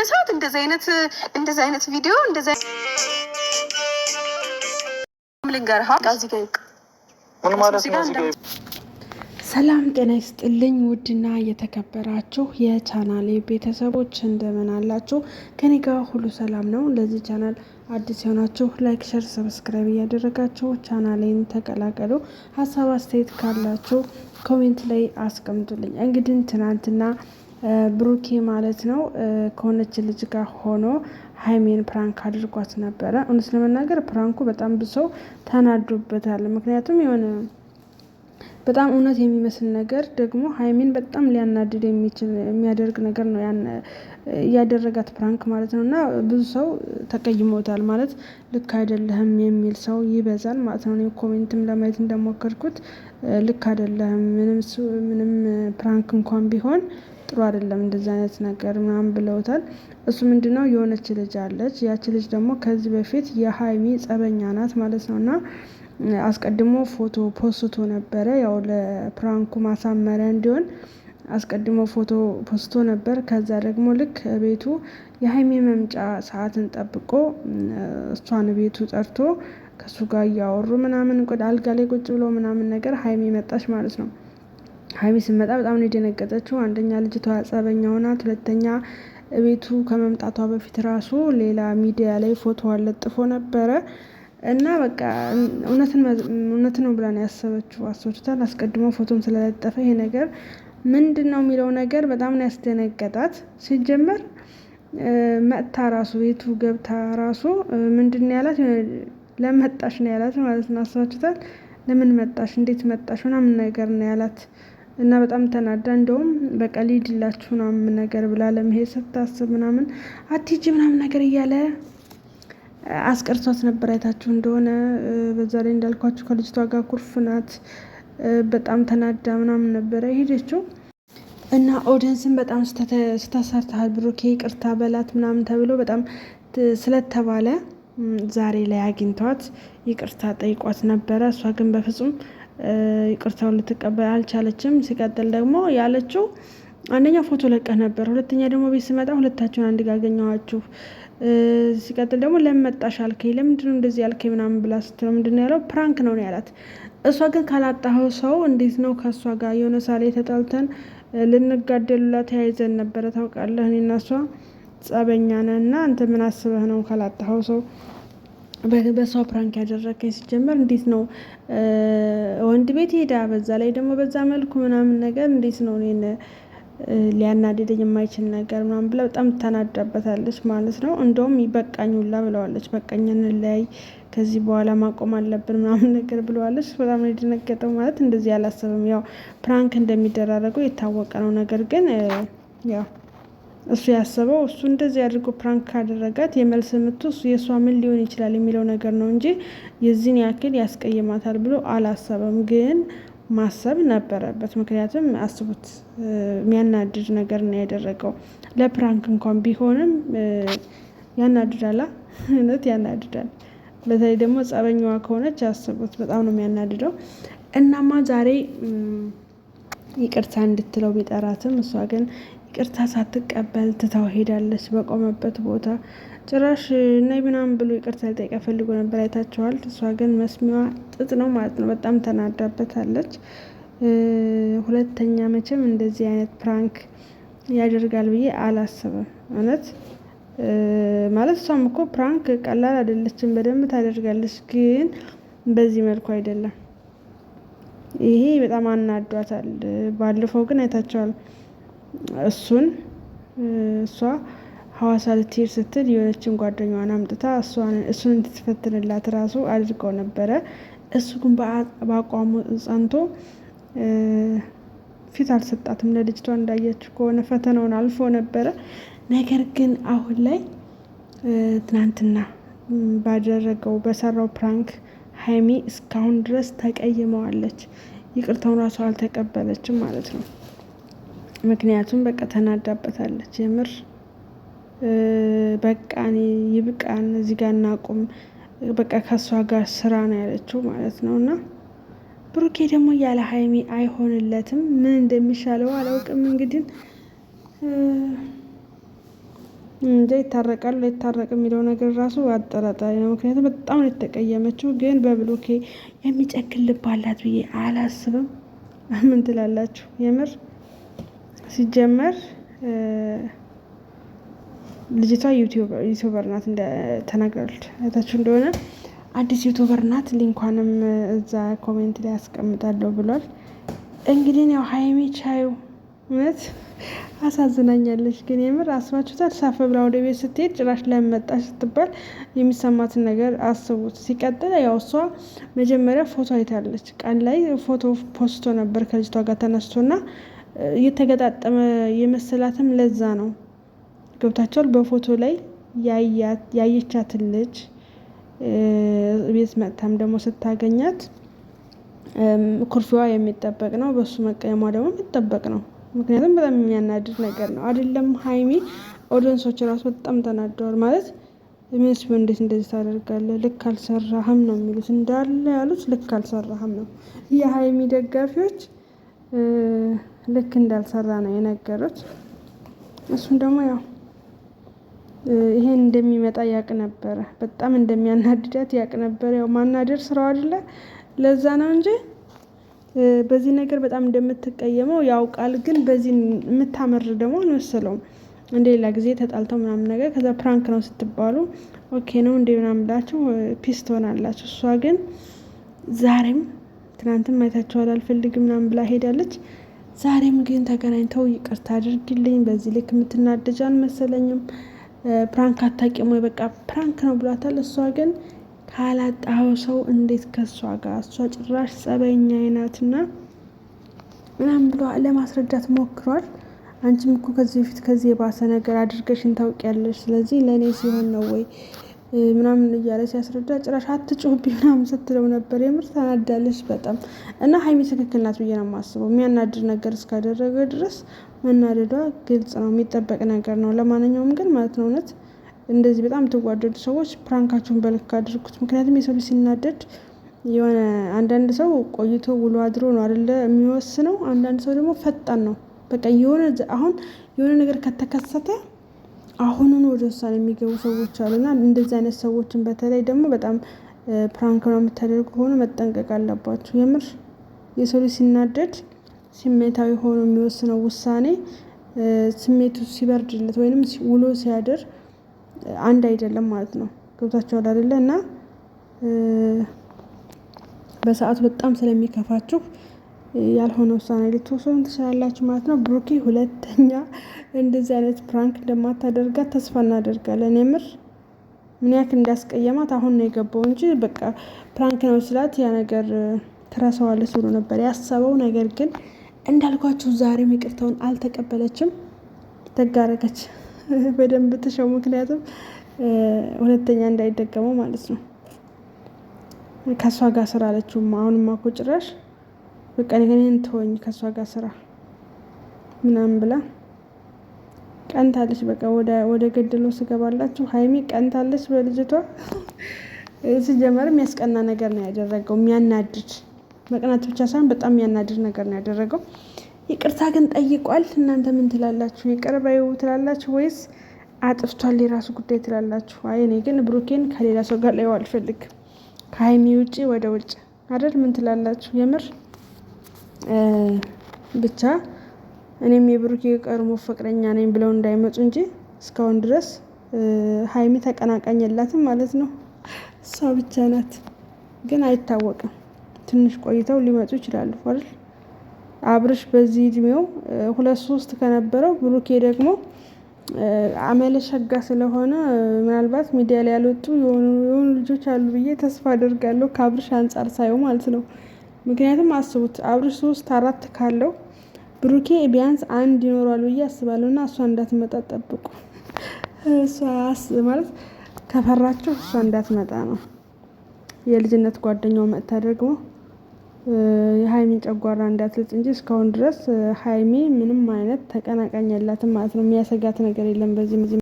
የምትነሳት እንደዚ አይነት እንደዚ አይነት ቪዲዮ ሰላም ጤና ይስጥልኝ። ውድና የተከበራችሁ የቻናሌ ቤተሰቦች እንደምን አላችሁ? ከኔ ጋር ሁሉ ሰላም ነው። ለዚህ ቻናል አዲስ የሆናችሁ ላይክ፣ ሸር፣ ሰብስክራይብ እያደረጋችሁ ቻናሌን ተቀላቀሉ። ሀሳብ አስተያየት ካላችሁ ኮሜንት ላይ አስቀምጡልኝ። እንግዲህ ትናንትና ብሩኬ ማለት ነው ከሆነች ልጅ ጋር ሆኖ ሀይሜን ፕራንክ አድርጓት ነበረ። እውነት ለመናገር ፕራንኩ በጣም ብዙ ሰው ተናዶበታል። ምክንያቱም የሆነ በጣም እውነት የሚመስል ነገር ደግሞ ሀይሜን በጣም ሊያናድድ የሚችል የሚያደርግ ነገር ነው እያደረጋት ፕራንክ ማለት ነው። እና ብዙ ሰው ተቀይሞታል ማለት ልክ አይደለህም የሚል ሰው ይበዛል ማለት ነው። ኮሜንትም ለማየት እንደሞከርኩት ልክ አይደለህም ምንም ፕራንክ እንኳን ቢሆን ጥሩ አይደለም እንደዚህ አይነት ነገር ምናምን ብለውታል። እሱ ምንድነው የሆነች ልጅ አለች። ያች ልጅ ደግሞ ከዚህ በፊት የሀይሚ ጸበኛ ናት ማለት ነው እና አስቀድሞ ፎቶ ፖስቶ ነበረ ያው ለፕራንኩ ማሳመሪያ እንዲሆን አስቀድሞ ፎቶ ፖስቶ ነበር። ከዛ ደግሞ ልክ ቤቱ የሀይሚ መምጫ ሰዓትን ጠብቆ እሷን ቤቱ ጠርቶ ከእሱ ጋር እያወሩ ምናምን አልጋ ላይ ቁጭ ብሎ ምናምን ነገር ሀይሚ መጣች ማለት ነው። ሀይሚ ስመጣ በጣም ነው የደነገጠችው። አንደኛ ልጅቷ ጸበኛ ሆናት፣ ሁለተኛ ቤቱ ከመምጣቷ በፊት ራሱ ሌላ ሚዲያ ላይ ፎቶ ለጥፎ ነበረ እና በቃ እውነት ነው ብላ ነው ያሰበችው። አስቶችታል አስቀድሞ ፎቶም ስለለጠፈ ይሄ ነገር ምንድን ነው የሚለው ነገር በጣም ነው ያስደነገጣት። ሲጀመር መጥታ ራሱ ቤቱ ገብታ ራሱ ምንድን ነው ያላት ለመጣሽ ነው ያላት ማለት ነው። አስባችሁታል? ለምን መጣሽ፣ እንዴት መጣሽ ምናምን ነገር ነው ያላት። እና በጣም ተናዳ እንደውም በቃ ሊድላችሁ ምናምን ነገር ብላ ለመሄድ ስታስብ ምናምን አትሂጂ ምናምን ነገር እያለ አስቀርቷት ነበር። አይታችሁ እንደሆነ በዛ ላይ እንዳልኳችሁ ከልጅቷ ጋር ኩርፍ ናት። በጣም ተናዳ ምናምን ነበረ ሄደችው እና ኦዲንስን በጣም ስታሳርተሃል ብሩኬ ቅርታ በላት ምናምን ተብሎ በጣም ስለተባለ ዛሬ ላይ አግኝቷት ይቅርታ ጠይቋት ነበረ። እሷ ግን በፍጹም ይቅርታውን ልትቀበል አልቻለችም። ሲቀጥል ደግሞ ያለችው አንደኛው ፎቶ ለቀህ ነበር፣ ሁለተኛ ደግሞ ቤት ስመጣ ሁለታችሁን አንድ ጋገኘዋችሁ አገኘኋችሁ። ሲቀጥል ደግሞ ለምን መጣሽ አልከኝ፣ ለምንድነው እንደዚህ ያልከኝ ምናምን ብላ ስትለው ምንድነው ያለው ፕራንክ ነው ያላት። እሷ ግን ካላጣኸው ሰው እንዴት ነው ከእሷ ጋር የሆነ ሳሌ ተጣልተን ልንጋደሉላ ተያይዘን ነበረ ታውቃለህ። እኔና እሷ ጸበኛ ነን እና አንተ ምን አስበህ ነው ካላጣኸው ሰው በሷ ፕራንክ ያደረከኝ ሲጀመር እንዴት ነው ወንድ ቤት ሄዳ በዛ ላይ ደግሞ በዛ መልኩ ምናምን ነገር እንዴት ነው እኔን ሊያናድደኝ የማይችል ነገር ምናምን ብላ በጣም ተናዳበታለች ማለት ነው። እንደውም ይበቃኝ ሁላ ብለዋለች። በቃኝ ላይ ከዚህ በኋላ ማቆም አለብን ምናምን ነገር ብለዋለች። በጣም ነው የደነገጠው ማለት እንደዚህ አላሰብም። ያው ፕራንክ እንደሚደራረገው የታወቀ ነው። ነገር ግን ያው እሱ ያሰበው እሱ እንደዚህ አድርጎ ፕራንክ ካደረጋት የመልስ ምቱ የእሷ ምን ሊሆን ይችላል የሚለው ነገር ነው እንጂ የዚህን ያክል ያስቀይማታል ብሎ አላሰበም። ግን ማሰብ ነበረበት። ምክንያቱም አስቡት፣ የሚያናድድ ነገር ነው ያደረገው። ለፕራንክ እንኳን ቢሆንም ያናድዳላ፣ እውነት ያናድዳል። በተለይ ደግሞ ጸበኛዋ ከሆነች አስቡት፣ በጣም ነው የሚያናድደው። እናማ ዛሬ ይቅርታ እንድትለው ቢጠራትም እሷ ግን ይቅርታ ሳትቀበል ትታው ሄዳለች በቆመበት ቦታ። ጭራሽ ነይ ምናምን ብሎ ይቅርታ ሊጠይቅ ፈልጎ ነበር አይታችኋል። እሷ ግን መስሚዋ ጥጥ ነው ማለት ነው። በጣም ተናዳበታለች። ሁለተኛ መቼም እንደዚህ አይነት ፕራንክ ያደርጋል ብዬ አላስብም። እውነት ማለት እሷም እኮ ፕራንክ ቀላል አይደለችም፣ በደንብ ታደርጋለች። ግን በዚህ መልኩ አይደለም። ይሄ በጣም አናዷታል። ባለፈው ግን አይታቸዋል እሱን እሷ ሀዋሳ ልትሄድ ስትል የሆነችን ጓደኛዋን አምጥታ እሱን እንድትፈትንላት ራሱ አድርገው ነበረ። እሱ ግን በአቋሙ ጸንቶ ፊት አልሰጣትም። ለልጅቷ እንዳየች ከሆነ ፈተናውን አልፎ ነበረ። ነገር ግን አሁን ላይ ትናንትና ባደረገው በሰራው ፕራንክ ሀይሚ እስካሁን ድረስ ተቀይመዋለች። ይቅርታውን ራሱ አልተቀበለችም ማለት ነው። ምክንያቱም በቃ ተናዳበታለች። የምር በቃኔ ይብቃን፣ እዚህ ጋር እናቁም፣ በቃ ከእሷ ጋር ስራ ነው ያለችው ማለት ነው። እና ብሩኬ ደግሞ ያለ ሀይሚ አይሆንለትም። ምን እንደሚሻለው አላውቅም። እንግዲህ እንደ ይታረቃሉ ላይታረቅ የሚለው ነገር ራሱ አጠራጣሪ ነው። ምክንያቱም በጣም ነው የተቀየመችው። ግን በብሎኬ የሚጨክል ልብ አላት ብዬ አላስብም። ምን ትላላችሁ የምር ሲጀመር ልጅቷ ዩቲዩበር ናት ተናግራለች። ታችሁ እንደሆነ አዲስ ዩቱበር ናት። ሊንኳንም እዛ ኮሜንት ላይ ያስቀምጣለሁ ብሏል። እንግዲህ ያው ሀይሚ ቻዩ እውነት አሳዝናኛለች። ግን የምር አስባችሁታል? ሳፈ ብላ ወደ ቤት ስትሄድ ጭራሽ ለመጣች ስትባል የሚሰማትን ነገር አስቡት። ሲቀጥል ያው እሷ መጀመሪያ ፎቶ አይታለች። ቀን ላይ ፎቶ ፖስቶ ነበር ከልጅቷ ጋር ተነስቶና የተገጣጠመ የመሰላትም ለዛ ነው። ገብታችኋል? በፎቶ ላይ ያየቻትን ልጅ ቤት መጥታም ደግሞ ስታገኛት ኩርፊዋ የሚጠበቅ ነው። በሱ መቀየሟ ደግሞ የሚጠበቅ ነው። ምክንያቱም በጣም የሚያናድድ ነገር ነው። አይደለም ሀይሚ ኦዲየንሶች ራሱ በጣም ተናደዋል። ማለት ምንስ እንዴት እንደዚህ ታደርጋለህ? ልክ አልሰራህም ነው የሚሉት እንዳለ ያሉት ልክ አልሰራህም ነው። የሀይሚ ደጋፊዎች ልክ እንዳልሰራ ነው የነገሩት። እሱም ደግሞ ያው ይሄን እንደሚመጣ ያቅ ነበረ። በጣም እንደሚያናድዳት ያቅ ነበረ። ያው ማናደር ስራው አይደለ? ለዛ ነው እንጂ በዚህ ነገር በጣም እንደምትቀየመው ያውቃል። ግን በዚህ የምታመር ደግሞ አልመሰለውም። ሌላ ጊዜ ተጣልተው ምናምን ነገር ከዛ ፕራንክ ነው ስትባሉ ኦኬ ነው እንደ ምናምን ብላችሁ ፒስ ትሆናላችሁ። እሷ ግን ዛሬም ትናንትም አይታችኋል አልፈልግም ምናምን ብላ ሄዳለች። ዛሬም ግን ተገናኝተው ይቅርታ አድርግልኝ፣ በዚህ ልክ የምትናደጅ አልመሰለኝም፣ ፕራንክ አታውቂም ወይ? በቃ ፕራንክ ነው ብሏታል። እሷ ግን ካላጣው ሰው እንዴት ከእሷ ጋር እሷ ጭራሽ ጸበኛ አይናትና ምናም ብሎ ለማስረዳት ሞክሯል። አንቺም እኮ ከዚህ በፊት ከዚህ የባሰ ነገር አድርገሽን ታውቂያለሽ። ስለዚህ ለእኔ ሲሆን ነው ወይ ምናምን እያለ ሲያስረዳ ጭራሽ አትጩህብኝ ምናምን ስትለው ነበር። የምር ተናዳለች በጣም እና ሀይሚ ትክክል ናት ብዬ ነው የማስበው። የሚያናድድ ነገር እስካደረገ ድረስ መናደዷ ግልጽ ነው፣ የሚጠበቅ ነገር ነው። ለማንኛውም ግን ማለት ነው እውነት እንደዚህ በጣም የተጓደዱ ሰዎች ፕራንካቸውን በልክ አድርጉት። ምክንያቱም የሰው ልጅ ሲናደድ የሆነ አንዳንድ ሰው ቆይቶ ውሎ አድሮ ነው አደለ የሚወስነው። አንዳንድ ሰው ደግሞ ፈጣን ነው። በቃ የሆነ አሁን የሆነ ነገር ከተከሰተ አሁኑን ወደ ውሳኔ የሚገቡ ሰዎች አሉና እንደዚህ አይነት ሰዎችን በተለይ ደግሞ በጣም ፕራንክ ነው የምታደርጉ ከሆነ መጠንቀቅ አለባቸው። የምር የሰው ልጅ ሲናደድ ስሜታዊ ሆኖ የሚወስነው ውሳኔ ስሜቱ ሲበርድለት ወይንም ውሎ ሲያድር አንድ አይደለም ማለት ነው። ገብታችኋል አይደለ? እና በሰዓቱ በጣም ስለሚከፋችሁ ያልሆነ ውሳኔ ልትወስኑ ትችላላችሁ ማለት ነው። ብሩኬ ሁለተኛ እንደዚህ አይነት ፕራንክ እንደማታደርጋት ተስፋ እናደርጋለን። የምር ምን ያክል እንዳስቀየማት አሁን ነው የገባው እንጂ በቃ ፕራንክ ነው ስላት ያ ነገር ትረሳዋለች ብሎ ነበር ያሰበው። ነገር ግን እንዳልኳችሁ ዛሬም ይቅርታውን አልተቀበለችም። ተጋረገች በደንብ ትሸው። ምክንያቱም ሁለተኛ እንዳይደገመው ማለት ነው። ከእሷ ጋር ስራ አለችውም አሁንማ እኮ ጭራሽ በቃ እኔን ተወኝ ከእሷ ጋር ስራ ምናምን ብላ ቀንታለች። በቃ ወደ ገድሎ ስገባላችሁ ሀይሚ ቀንታለች በልጅቷ። ሲጀመርም የሚያስቀና ነገር ነው ያደረገው፣ የሚያናድድ መቅናት ብቻ ሳይሆን በጣም የሚያናድድ ነገር ነው ያደረገው። ይቅርታ ግን ጠይቋል። እናንተ ምን ትላላችሁ? ይቅር በይው ትላላችሁ ወይስ አጥፍቷል የራሱ ጉዳይ ትላላችሁ? አይ እኔ ግን ብሩኬን ከሌላ ሰው ጋር ላይው አልፈልግም ከሀይሚ ውጭ ወደ ውጭ አደል። ምን ትላላችሁ የምር ብቻ እኔም የብሩኬ ቀድሞ ፍቅረኛ ነኝ ብለው እንዳይመጡ እንጂ እስካሁን ድረስ ሀይሚ ተቀናቃኝ የላትም ማለት ነው። እሷ ብቻ ናት። ግን አይታወቅም። ትንሽ ቆይተው ሊመጡ ይችላሉ አይደል? አብርሽ በዚህ እድሜው ሁለት ሶስት ከነበረው ብሩኬ ደግሞ አመለሸጋ ስለሆነ ምናልባት ሚዲያ ላይ ያልወጡ የሆኑ ልጆች አሉ ብዬ ተስፋ አደርጋለሁ። ከአብርሽ አንጻር ሳየው ማለት ነው። ምክንያቱም አስቡት አብርሽ ሶስት አራት ካለው ብሩኬ ቢያንስ አንድ ይኖረዋል ብዬ አስባለሁ። እና እሷ እንዳትመጣ ጠብቁ። እሷስ ማለት ከፈራቸው እሷ እንዳትመጣ ነው። የልጅነት ጓደኛው መጥታ ደግሞ የሀይሚን ጨጓራ እንዳትልጥ እንጂ እስካሁን ድረስ ሀይሚ ምንም አይነት ተቀናቃኝ የላትም ማለት ነው። የሚያሰጋት ነገር የለም በዚህ